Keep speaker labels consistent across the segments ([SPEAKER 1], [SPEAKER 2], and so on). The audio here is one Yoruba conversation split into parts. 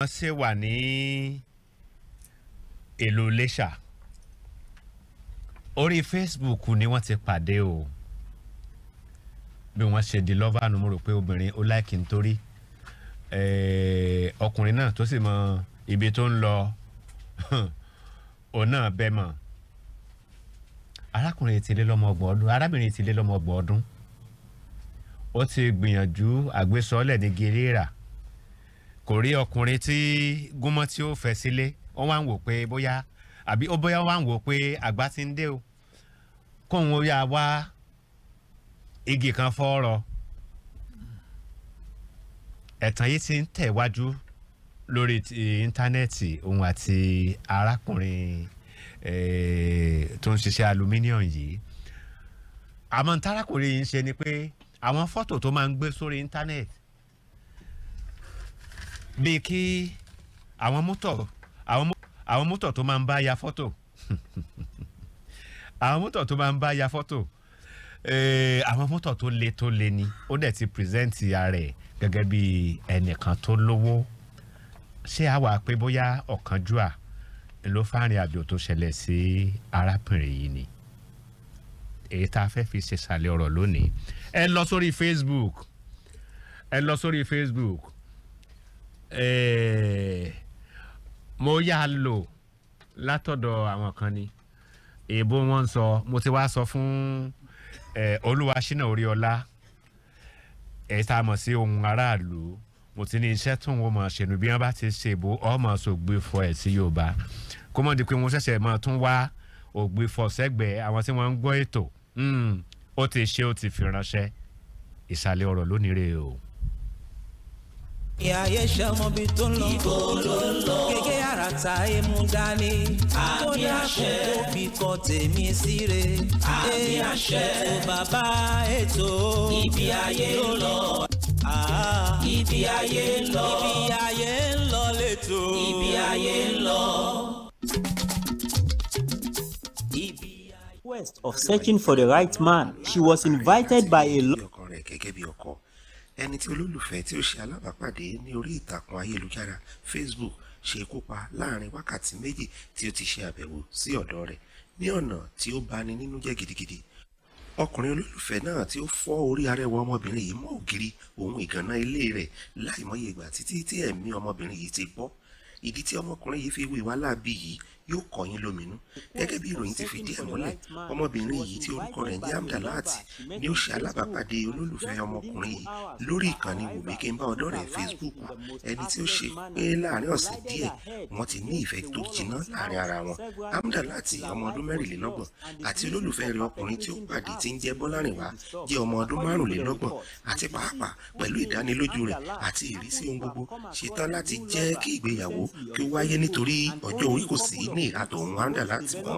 [SPEAKER 1] wọ́n ṣe wà ní èlò Iléṣà orí Facebook ni wọ́n ti pàdé o bí wọ́n ṣe di lọ́và nu mo rò pé obìnrin ó láìkí nítorí eh, ọkùnrin náà tó sì mọ ibi tó ń lọ òun náà bẹ́ mọ̀ arákùnrin ti lé lọ́mọ ọgbọ̀n ọdún arábìnrin ti lé lọ́mọ ọgbọ̀n ọdún ó ti gbìyànjú àgbésọ́lẹ̀ ní gerera kò rí ọkùnrin tí gúnmọ́ tí ó fẹ́ sílé ó wá ń wò pé bóyá àbí ó bóyá ó wá ń wò pé àgbà ti ń dé o kóun ó yà wá igi kan fọ́ọ̀rọ̀ ẹ̀tàn yìí ti ń tẹ̀wájú lórí ti íńtánẹ́ẹ̀tì òun àti arákùnrin eh, tó ń ṣiṣẹ́ aluminium yìí àmọ́ tárákùnrin yìí ń ṣe ni pé àwọn fọ́tò tó máa ń gbé sórí íńtánẹ́ẹ̀tì bíi kí àwọn mọ́tò àwọn mọ́tò tó máa ń bá ya fọ́tò àwọn mọ́tò tó máa ń bá ya fọ́tò eh, àwọn mọ́tò tó le tó le ni ó dẹ̀ ti pírẹsẹ́ǹtì ara ẹ̀ gẹ́gẹ́ bí ẹnìkan tó lówó ṣé a wà pé bóyá ọ̀kánjúà ló fárin àjò tó ṣẹlẹ̀ sí arákùnrin yìí ni èyí tá a fẹ́ fi ṣe ṣàlẹ̀ ọ̀rọ̀ lónìí ẹ lọ sórí Facebook ẹ lọ sórí Facebook Eh, mo yà á lò látọ̀dọ̀ àwọn kan ni èèbó wọn ń sọ mo ti wá sọ fún eh, Olúwaṣínà Oríọlá ẹ̀ tá a mọ̀ sí ohun aráàlú mo ti ní iṣẹ́ tó ń wọ́n mọ̀ ṣẹ̀nu bí wọ́n bá ti ṣe ìbò ọmọ ṣògbé fọ ẹ̀ sí Yorùbá kó mọ̀ di pé mo ṣẹ̀ṣẹ̀ mọ̀ tún wá ògbé fọ sẹ́gbẹ̀ẹ́ àwọn tí wọ́n ń gbọ́ ètò hmm, ó ti ṣe ó ti fi ránṣẹ́ ìsàlẹ̀ ọ̀rọ̀ lónìí rèé o ìyá ayé ṣọmọbi tó
[SPEAKER 2] ń lọ ibo ló ń lọ gègé àràtà emu dání tó dákun tó fi kọ tèmi síre àmì àṣẹ tó bàbá ètò ibi ayé ń lọ
[SPEAKER 1] ibi ayé ń lọ ibi ayé ń lọ
[SPEAKER 2] lẹ́tọ̀ọ́ ibi ayé ń lọ. West
[SPEAKER 1] of searching for the right man, she was invited by a
[SPEAKER 2] ẹni tí olólùfẹ́ tí ó ṣe alábàápàdé ní orí ìtàkùn ayélujára Facebook ṣe ikú pa láàrin wákàtí méjì tí ó ti ṣe àbẹ̀wò sí ọ̀dọ̀ rẹ̀ ní ọ̀nà tí ó bani nínú jẹ́ gidigidi ọkùnrin olólùfẹ́ náà tí ó fọ́ orí arẹwà ọmọbìnrin yìí mọ́ ògiri òun ìgànná ilé rẹ̀ láìmọye ìgbà títí tí ẹ̀mí ọmọbìnrin yìí ti bọ́ ìdí tí ọmọkùnrin yìí fi wé wá láàbí yìí yóò kọ yín lóminú gẹ́gẹ́ bí ìròyìn ti fìdí ẹ̀ múlẹ̀ ọmọbìnrin yìí tí orúkọ rẹ̀ ń jẹ́ amdalati ni ó ṣe alábàápàdé olólùfẹ́ ọmọkùnrin yìí lórí ìkànnì wùmí kí n bá ọ̀dọ̀ rẹ̀ facebook ẹni tí ó ṣe pé láàrin ọ̀sẹ̀ díẹ̀ wọ́n ti ní ìfẹ́ tó jiná láàrin ara wọn amdalati ọmọ ọdún mẹ́rìnlélọ́gbọ̀n àti olólùfẹ́ rẹ̀ ọkùnrin tí ó pàdé tí ń jẹ́ bọ́lárìnwá jẹ́ ọmọ ọdún márùnlélọ́gbọ̀n àti pàápàá pẹ̀lú ìdánilójú rẹ̀ àti ìrísí ohun gbogbo ṣetán láti jẹ́ kí ìgbéyàwó kí ó wáyé nítorí ọjọ́ orí kò sí ní ìhà tòun Hamdalat mọ́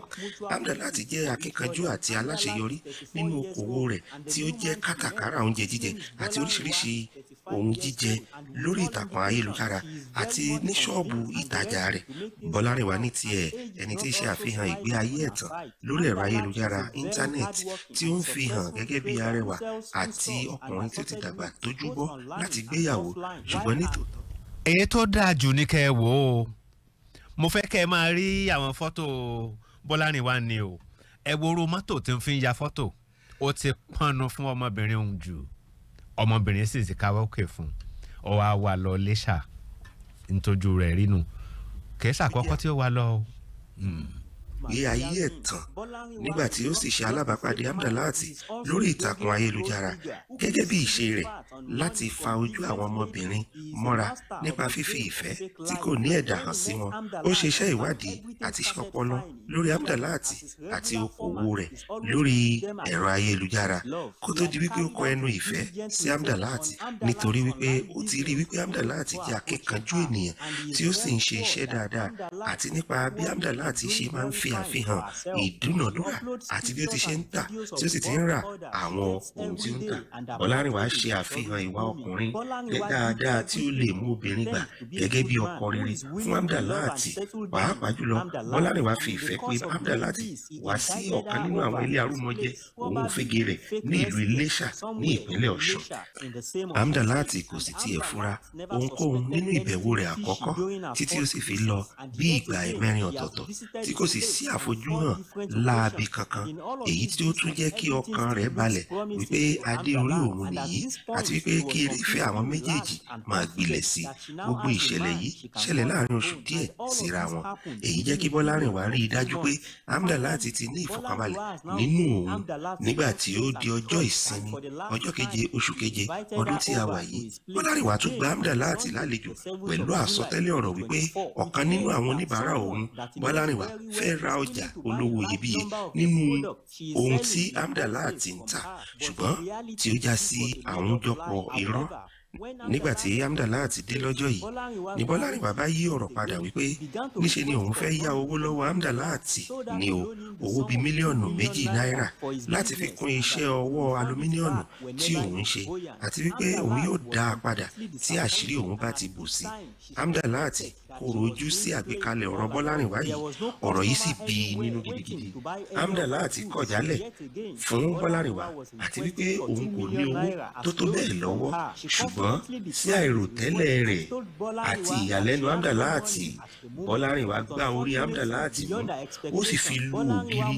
[SPEAKER 2] Hamdalat jẹ́ akíkanjú àti aláṣeyọrí nínú okòwò rẹ̀ tí ó jẹ́ kátàkárà oúnjẹ jíjẹ àti oríṣiríṣi ohun jíjẹ lórí ìtàkùn ayélujára àti ní ṣọ́ọ̀bù ìtajà rẹ̀ Bọ́lárìnwá ní tiẹ̀ ẹni tí í ṣe àfihàn ìgbé ayé ẹ̀tàn lórí ẹ̀rọ ayélujára íńtánẹ́ẹ̀tì tí ó ń fi hàn gẹ́gẹ́ bí arẹwà àti ọkùnrin
[SPEAKER 1] tí ó ti dàgbà tójú bọ́ láti gbéyàwó ṣùgbọ́n nítòótọ́ èyí tó dáa jù ní kẹ́ ẹ wò ó mo fẹ́ kẹ́ ẹ máa rí àwọn fọ́tò Bọ́lárìnwá ni o ẹ wo mọ́tò tí ń fi ya fọ́tò ó ti pọnnu fún ọmọbìnrin òun jù ọmọbìnrin sì ti káwọ́ òkè fún ọ wá wà lọ lẹ́ṣà nítojú rẹ̀ rínu kẹ́sà kọ́kọ́ tí ó wà lọ
[SPEAKER 2] gbé ayé ẹ̀ tàn nígbà tí ó sì ṣe alábàápàdé Amdalat lórí ìtàkùn ayélujára gẹ́gẹ́ bí ìṣe rẹ̀ láti fa ojú àwọn ọmọbìnrin mọ́ra nípa fífi ìfẹ́ tí kò ní ẹ̀dà hàn sí wọn ó ṣe iṣẹ́ ìwádìí àti iṣẹ́ ọpọlọ lórí Amdalat àti okòwò rẹ̀ lórí ẹ̀rọ ayélujára kó tó di wípé ó kọ ẹnu ìfẹ́ sí Amdalat nítorí wípé ó ti rí wípé Amdalat jẹ́ akẹ́kọ̀ọ́ ènìyàn tí ó sì ń ṣe iṣẹ́ dáadáa àti nípa bí Abdullah ti ṣe máa ń fi àfihàn ìdúnàdúrà àti bí ó ti ṣe ń tà tí ó sì ti ń ra àwọn ohun tí ó ń tà Ọlárìnwá ṣe àfihàn ìwà ọkùnrin dáadáa tí ó lè mú obìnrin gbà gẹ́gẹ́ bí ọkọ rere fún Abdullah àti pàápàá jùlọ Ọlárìnwá fi ìfẹ́ pé Abdullah ti wá sí ọ̀kan nínú àwọn ilé arúmọjẹ òun òfegè rẹ̀ ní ìlú Iléṣà ní ìpínlẹ̀ Ọ̀ṣun Abdullah kò sì tiẹ̀ fura ohunkóhun nínú ìbẹ̀wò rẹ̀ àkọ́kọ́ títí ó sì fi lọ bí bí ìgbà mẹ́rin ọ̀tọ̀ọ̀tọ̀ tí kò sì sí àfojúhàn láabi kankan èyí tí ó tún jẹ́ kí ọkàn rẹ̀ balẹ̀ wípé adé orí òun nìyí àti wípé kí ìfẹ́ àwọn méjèèjì máa gbilẹ̀ sí gbogbo ìṣẹ̀lẹ̀ yìí ṣẹlẹ̀ láàrin oṣù díẹ̀ síra wọn èyí jẹ́ kí Bọ́lárìnwá rí i dájú pé Amdalati ti ní ìfọ̀kànbalẹ̀ nínú òun nígbà tí ó di ọjọ́ ìsinmi ọjọ́ keje oṣù keje ọdún tí a wà yìí Bọ́lárìnwá tún gba Amdalati lálejò pẹ̀lú àsọtẹ́lẹ̀ ọ̀rọ̀ wípé ọ̀kan nínú àwọn oníbàárà òun bọ́lárìnwá fẹ́ ra ọjà olówó iyebíye nínú ohun tí Amdala ti ń tà ṣùgbọ́n tí ó já sí àwùjọpọ̀ irọ́ nígbà tí Amdala ti dé lọ́jọ́ yìí
[SPEAKER 1] ni Bọ́lárìnwá bá
[SPEAKER 2] yí ọ̀rọ̀ padà wípé níṣe ni òun fẹ́ yá owó lọ́wọ́ Amdala ti ní o owó bíi mílíọ̀nù méjì náírà láti fi kún iṣẹ́ ọwọ́ alumíníọ̀nù tí òun ṣe àti wípé òun yóò dá a padà tí àṣírí òun bá ti bò sí Amdala ti kòrò ojú sí àgbékalẹ̀ ọ̀rọ̀ Bọ́lárìnwá yìí ọ̀rọ̀ yìí sì bí i nínú
[SPEAKER 1] gidigidi Amdala ti kọ̀jálẹ̀ fún Bọ́lárìnwá àti wípé òun kò ní owó tó tó bẹ́ẹ̀ lọ́wọ́ ṣùgbọ́n sí àìròtẹ́lẹ̀ rẹ̀ àti ìyàlẹ́nu Amdala àti Bọ́lárìnwá gbá orí Amdala àti mú ó sì fi lu ògiri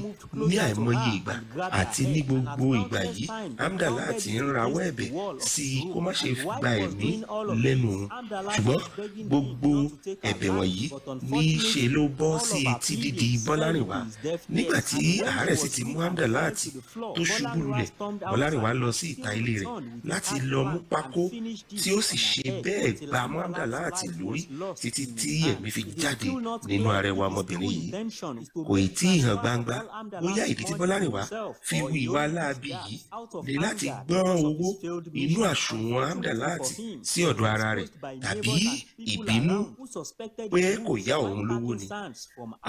[SPEAKER 1] ní àìmọye ìgbà àti ní gbogbo ìgbà yìí Amdala àti ń rawọ́ ẹ̀bẹ̀
[SPEAKER 2] sí i kó má ṣe gba ẹ̀mí lẹ́nu ṣùgbọ́n gbogbo ẹ̀ ẹ̀bẹ̀ wọ̀nyí
[SPEAKER 1] níṣe ló bọ́ sí
[SPEAKER 2] etí dídi bọ́lárìnwá nígbà tí àárẹ̀ sì ti mú Hamdaláàtì tó ṣubú lulẹ̀ bọ́lárìnwá lọ sí ìta ilé rẹ̀ láti lọ mú pákó tí ó sì ṣe bẹ́ẹ̀ gba mú Hamdaláàtì lórí títí tí ẹ̀mí fi jáde
[SPEAKER 1] nínú arẹwà ọmọbìnrin yìí kò ì tí ì hàn gbangba bóyá ìdí tí bọ́lárìnwá fi wu ìwà láabi yìí ni láti gbọ́n
[SPEAKER 2] owó inú àṣùwọ̀n Hamdaláàtì sí ọ̀dọ̀ ara rẹ̀ tàbí ìbínú
[SPEAKER 1] pé kò yá òun lówó ni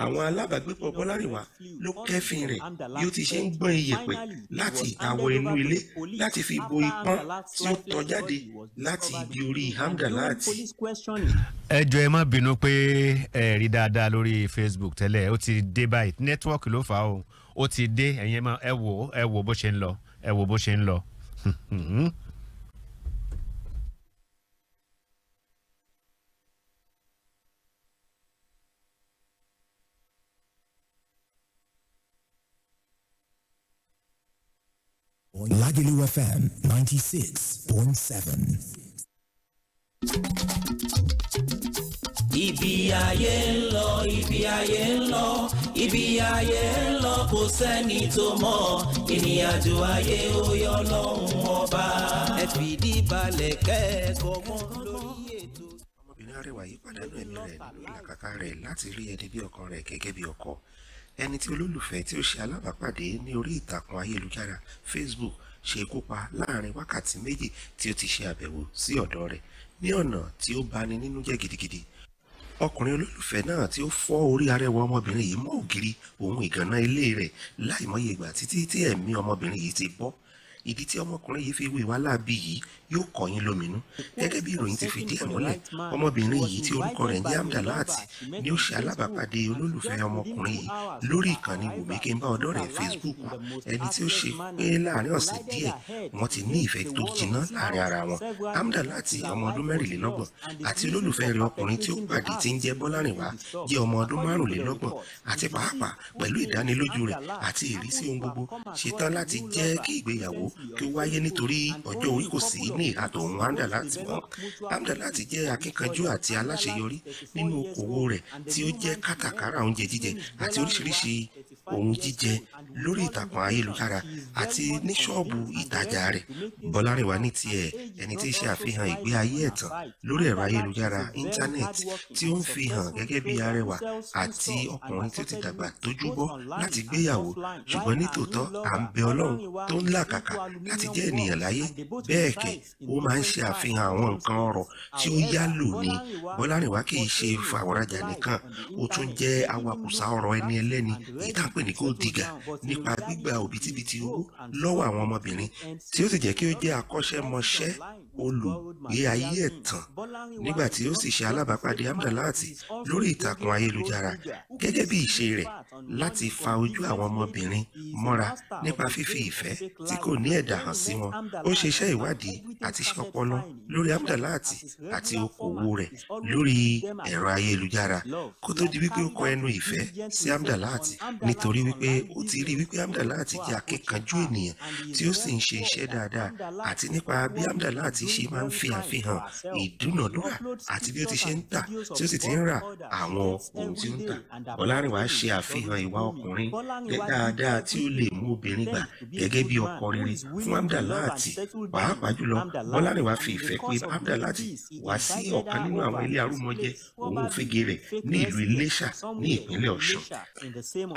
[SPEAKER 2] àwọn alábàágbépọ̀ bọ́lárìnwá ló kẹ́fìn rẹ̀ bí ó ti ṣe ń gbọ́n iyẹ̀pẹ̀
[SPEAKER 1] láti ìtàwọ̀ inú ilé láti fi bo ipọ́n
[SPEAKER 2] tí ó tọ́ jáde láti ibi orí hamdalati.
[SPEAKER 1] ẹ jọ ẹ má bínú pé ẹ rí dáadáa lórí facebook tẹ́lẹ̀ ó ti dé báyìí nẹ́tíwọ́ọ̀kì ló fà á o ó ti dé ẹ̀yin ẹ wò ẹ wò bó ṣe ń lọ ẹ wò bó ṣe ń lọ.
[SPEAKER 2] Lagilu FM 96.7. Ibi ayé ń lọ, ibi ayé ń lọ, ibi ayé ń lọ kò sẹ́ni tó mọ̀. Ìrìn ayé ó yọ lọ́hùn ọba. Ẹ fìdí balẹ̀ kẹ́ẹ̀kọ́ mọ́ lórí ètò. Ọmọbìnrin arẹwà yìí pàdánù ẹ̀mí rẹ̀ nínú ìlàkàkà rẹ̀ láti rí ẹni bí ọkọ rẹ̀ gẹ́gẹ́ bí ọkọ ẹni tí olólùfẹ́ tí ó ṣe alábàápàdé ní orí ìtàkùn ayélujára Facebook ṣe ikú pa láàrin wákàtí méjì tí ó ti ṣe àbẹ̀wò sí ọ̀dọ̀ rẹ̀ ní ọ̀nà tí ó bani nínú jẹ́ gidigidi ọkùnrin olólùfẹ́ náà tí ó fọ́ orí arẹwà ọmọbìnrin yìí mọ́ ògiri òun ìgànná ilé rẹ̀ láìmọye ìgbà títí tí ẹ̀mí ọmọbìnrin yìí ti bọ́ ìdí tí ọmọkùnrin yìí fi wé wá láàbí yìí yóò kọ́ yín lóminú gẹ́gẹ́ bí ìròyìn ti fìdí ẹ̀ múlẹ̀ ọmọbìnrin yìí tí orúkọ rẹ̀ ń jẹ́ Amdalaati ni ó ṣe alábàápàdé olólùfẹ́ ọmọkùnrin yìí lórí ìkànnì wòmíkínbá ọ̀dọ́rẹ̀ẹ́ Facebook ẹni tí ó ṣe pé láàrin ọ̀sẹ̀ díẹ̀ wọ́n ti ní ìfẹ́ tó jiná láàrin ara wọn Amdalaati ọmọ ọdún mẹ́rìnlélọ́gbọ̀n àti olólùfẹ́ rẹ̀ ọkùnrin tí ó pàdé tí ń jẹ́ Bọ́lárìnwá jẹ́ ọmọ ọdún márùnlélọ́gbọ̀n àti pàápàá pẹ̀lú ìdánilójú kí ó wáyé nítorí ọjọ́ orí kò sí ní ìhà tòun Hamdalat mọ́ Hamdalat jẹ́ akíkanjú àti aláṣeyọrí nínú okòwò rẹ̀ tí ó jẹ́ kátàkárà oúnjẹ jíjẹ àti oríṣiríṣi ohun jíjẹ lórí ìtàkùn ayélujára àti ní ṣọ́ọ̀bù ìtajà rẹ̀ bọ́lárẹ̀wá ní tiẹ̀ ẹni tí í ṣe àfihàn ìgbé ayé ẹ̀tàn lórí ẹ̀rọ ayélujára íńtánẹ́ẹ̀tì tí ó ń fi hàn gẹ́gẹ́ bí arẹwà àti ọkùnrin tí ó ti dàgbà tójú bọ́ láti gbéyàwó ṣùgbọ́n nítòótọ́ à ń bẹ ọlọ́run tó ń làkàkà láti jẹ́ ènìyàn láyé bẹ́ẹ̀ kẹ̀ ó máa ń ṣe àfihàn àwọn nǹkan ọ̀rọ̀ tí ó yálò ní bọ́lárẹ̀wá kì í ṣe fàwọ̀rajà nìkan ó tún jẹ́ awakùsà ọ̀rọ̀ ẹni ẹlẹ́ni èyí pè ní kó dìgà nípa gbígba òbítíbitì owó lọ́wọ́ àwọn ọmọbìnrin tí ó sì jẹ́ kí ó jẹ́ akọ́ṣẹ́mọṣẹ́ olùgbé ayé ẹ̀ tán nígbà tí ó sì ṣe alábàápàdé Hamdalati lórí ìtàkùn ayélujára gẹ́gẹ́ bí ìṣe rẹ̀ láti fa ojú àwọn ọmọbìnrin mọ́ra nípa fífi ìfẹ́ tí kò ní ẹ̀dà hàn sí wọn ó ṣe iṣẹ́ ìwádìí àti iṣẹ́ ọpọlọ lórí Hamdalati àti okòwò rẹ̀ lórí ẹ̀rọ ayélujára kó tó di wípé ó kọ ẹnu ìfẹ́ sí Hamdalati nítorí wípé ó ti rí wípé Hamdalati jẹ́ akíkanjú ènìyàn tí ó sì ń ṣe iṣẹ́ dáadáa àti nípa bí Hamdalati ti ṣe máa ń fi àfihàn ìdúnàdúrà àti bí ó ti ṣe ń tà tí ó sì ti ń ra àwọn ohun tí ó ń tà ọlárìnwá ṣe àfihàn ìwà ọkùnrin dáadáa tí ó lè mú obìnrin gbà gẹ́gẹ́ bí ọkọ rere fún amdalati pàápàá jùlọ ọlárìnwá fi ìfẹ́ pé amdalati wá sí ọ̀kan nínú àwọn ilé arúmọjẹ òun òfegè rẹ̀ ní ìlú iléṣà ní ìpínlẹ̀ ọ̀ṣun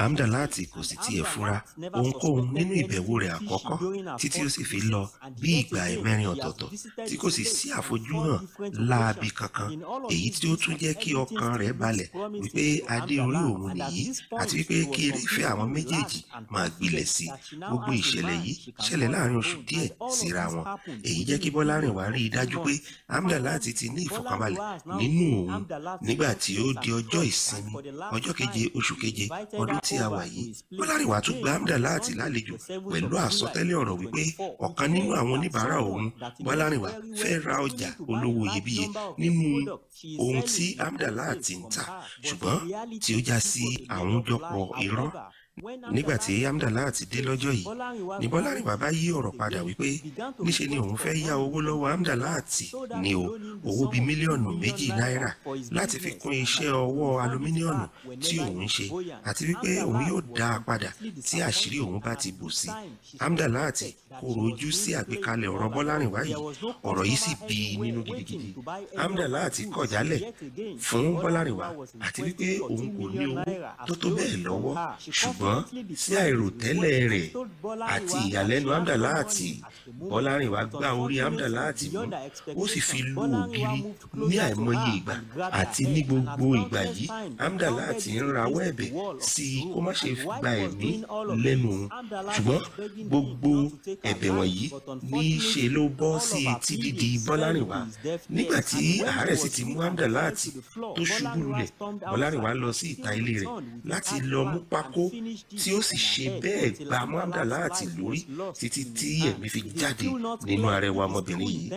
[SPEAKER 2] amdalati kò sì tiẹ̀ fura ohunkóhun nínú ìbẹ̀wò rẹ̀ àkọ́kọ́ títí ó sì fi lọ bí ìgbà ẹ̀mẹ́rin ọ̀tọ̀ọ̀tọ̀ tí kò sì sí àfojúhàn láabi kankan èyí tí ó tún jẹ́ kí ọkàn rẹ̀ balẹ̀ wípé adé orí òun nìyí àti wípé kí irúfẹ́ àwọn méjèèjì máa gbilẹ̀ sí gbogbo ìṣẹ̀lẹ̀ yìí ṣẹlẹ̀ láàrin oṣù díẹ̀ síra wọn èyí jẹ́ kí Bọ́lárìnwá rí i dájú pé Amdalati ti ní ìfọ̀kànbalẹ̀ nínú òun nígbà tí ó di ọjọ́ ìsinmi ọjọ́ keje oṣù keje ọdún tí a wà yìí Bọ́lárìnwá tún gba Amdalati lálejò pẹ̀lú àsọtẹ́lẹ̀ ọ̀rọ̀ wípé ọ̀kan nínú àwọn oníbàárà òun Bọ́lárìnwá wa fẹ́ ra ọjà olówó iyebíye nínú ohun tí amdala ti ń tà ṣùgbọ́n tí ó já sí àwùjọpọ̀ irọ́ nígbà tí Hamdallah ti dé lọ́jọ́ yìí ni Bọ́lárìnwá bá yí ọ̀rọ̀ padà wípé níṣe ni òun fẹ́ yá owó lọ́wọ́ Hamdallah ti ni o owó bíi mílíọ̀nù méjì náírà láti fi kún iṣẹ́ ọwọ́ alumíníọ̀nù tí òun ń ṣe àti wípé òun yóò dá a padà tí àṣírí òun bá ti bò sí Hamdallah ti kò rojú sí àgbékalẹ̀ ọ̀rọ̀ Bọ́lárìnwá yìí ọ̀rọ̀ yìí sì bí i nínú gidigidi Hamdallah ti kọ̀ jálẹ̀ fún Bọ́lárìnwá àti wípé òun kò ní owó tó tó bẹ́ẹ̀ lọ́wọ́ ṣùgbọ́n ṣùgbọ́n sí àìròtẹ́lẹ̀ rẹ̀ àti ìyàlẹ́nu Amdalaati Bọ́lárìnwá gbá orí Amdalaati mú ó sì fi lu ògiri ní àìmọye ìgbà àti ní gbogbo ìgbà yìí Amdalaati ń rawọ́ ẹ̀bẹ̀ sí i kó má ṣe gba ẹ̀mí lẹ́nu òun ṣùgbọ́n gbogbo ẹ̀bẹ̀ wọ̀nyí ní í ṣe ló bọ́ sí etí dídi Bọ́lárìnwá nígbà tí àárẹ̀ sì ti mú Amdalaati tó ṣubú lulẹ̀ Bọ́lárìnwá lọ sí ìta ilé rẹ̀ láti lọ mú pákó tí ó sì ṣe bẹ́ẹ̀ gba amanda láti lórí títí tí ah, ẹ̀mí fi jáde nínú arẹwà ọmọbìnrin
[SPEAKER 1] yìí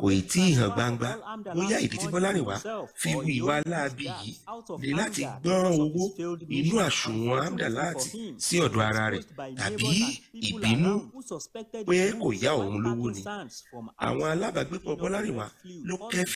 [SPEAKER 1] kò ì tí ì hàn gbangba bóyá ìdí tí bọ́lárìnwá fi hu ìwà aláàbí yìí ni láti gbọ́n
[SPEAKER 2] owó inú àsùnwọ̀n amanda láti sí ọ̀dọ̀ ara rẹ̀ tàbí ìbínú
[SPEAKER 1] pé kò yá òun lówó ni
[SPEAKER 2] àwọn alábàágbépọ̀ bọ́lárìnwá ló kẹ́fì.